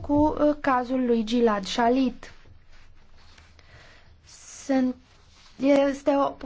cu uh, cazul lui Gilad Shalit. Sunt, este o